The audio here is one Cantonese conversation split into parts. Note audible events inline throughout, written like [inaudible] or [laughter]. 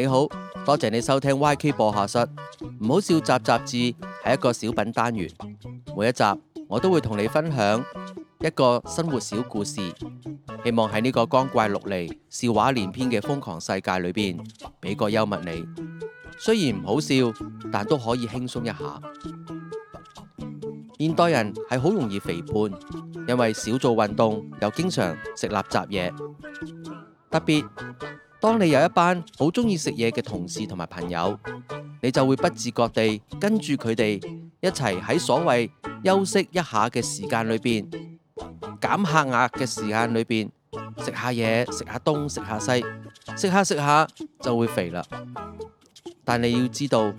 你好，多謝你收聽 YK 播客室。唔 [noise] 好笑雜、雜誌係一個小品單元，每一集我都會同你分享一個生活小故事，希望喺呢個光怪陸離、笑話連篇嘅瘋狂世界裏邊，俾個幽默你。雖然唔好笑，但都可以輕鬆一下。現代人係好容易肥胖，因為少做運動又經常食垃圾嘢，特別。當你有一班好鍾意食嘢嘅同事同埋朋友，你就會不自覺地跟住佢哋一齊喺所謂休息一下嘅時間裏邊，減下壓嘅時間裏邊，食下嘢，食下東，食下西，食下食下，下就會肥啦。但你要知道，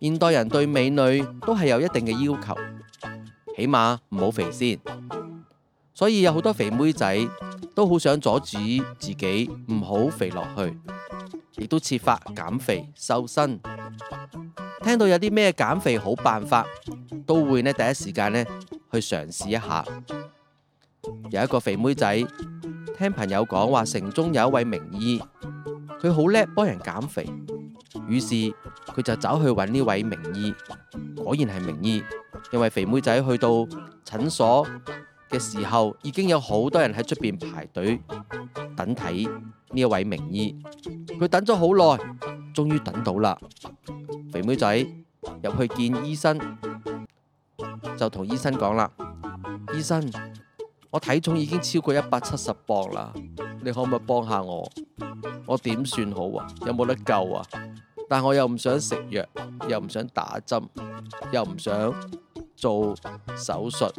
現代人對美女都係有一定嘅要求，起碼唔好肥先。所以有好多肥妹仔。都好想阻止自己唔好肥落去，亦都設法減肥瘦身。聽到有啲咩減肥好辦法，都會呢第一時間呢去嘗試一下。有一個肥妹仔聽朋友講話，城中有一位名醫，佢好叻幫人減肥，於是佢就走去搵呢位名醫。果然係名醫，因為肥妹仔去到診所。嘅時候，已經有好多人喺出邊排隊等睇呢一位名醫。佢等咗好耐，終於等到啦。肥妹仔入去見醫生，就同醫生講啦：「醫生，我體重已經超過一百七十磅啦，你可唔可以幫下我？我點算好啊？有冇得救啊？但我又唔想食藥，又唔想打針，又唔想，做手術，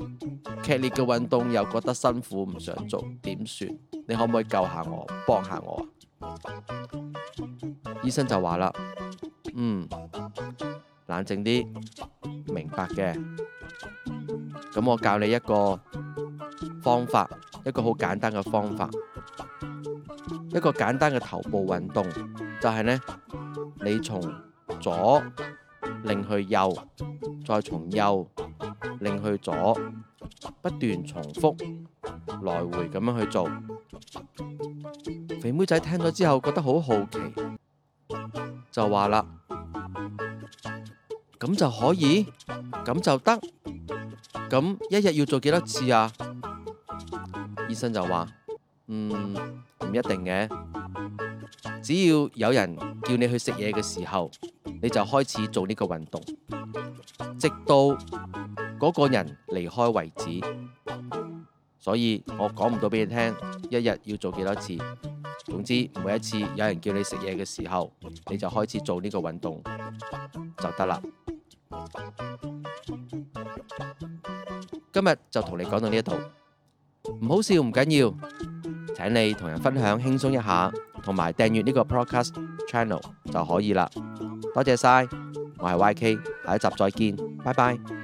劇烈嘅運動又覺得辛苦，唔想做，點算？你可唔可以救下我，幫下我啊？醫生就話啦：嗯，冷靜啲，明白嘅。咁我教你一個方法，一個好簡單嘅方法，一個簡單嘅頭部運動，就係呢：你從左擰去右，再從右。擰去左，不斷重複，來回咁樣去做。肥妹仔聽咗之後覺得好好奇，就話啦：咁 [noise] 就可以，咁就得，咁一日要做幾多次啊？醫生就話：嗯，唔一定嘅，只要有人叫你去食嘢嘅時候，你就開始做呢個運動，直到。嗰個人離開為止，所以我講唔到畀你聽。一日要做幾多次？總之，每一次有人叫你食嘢嘅時候，你就開始做呢個運動就得啦。今日就同你講到呢一度，唔好笑唔緊要。請你同人分享，輕鬆一下，同埋訂閱呢個 Podcast Channel 就可以啦。多謝曬，我係 YK，下一集再見，拜拜。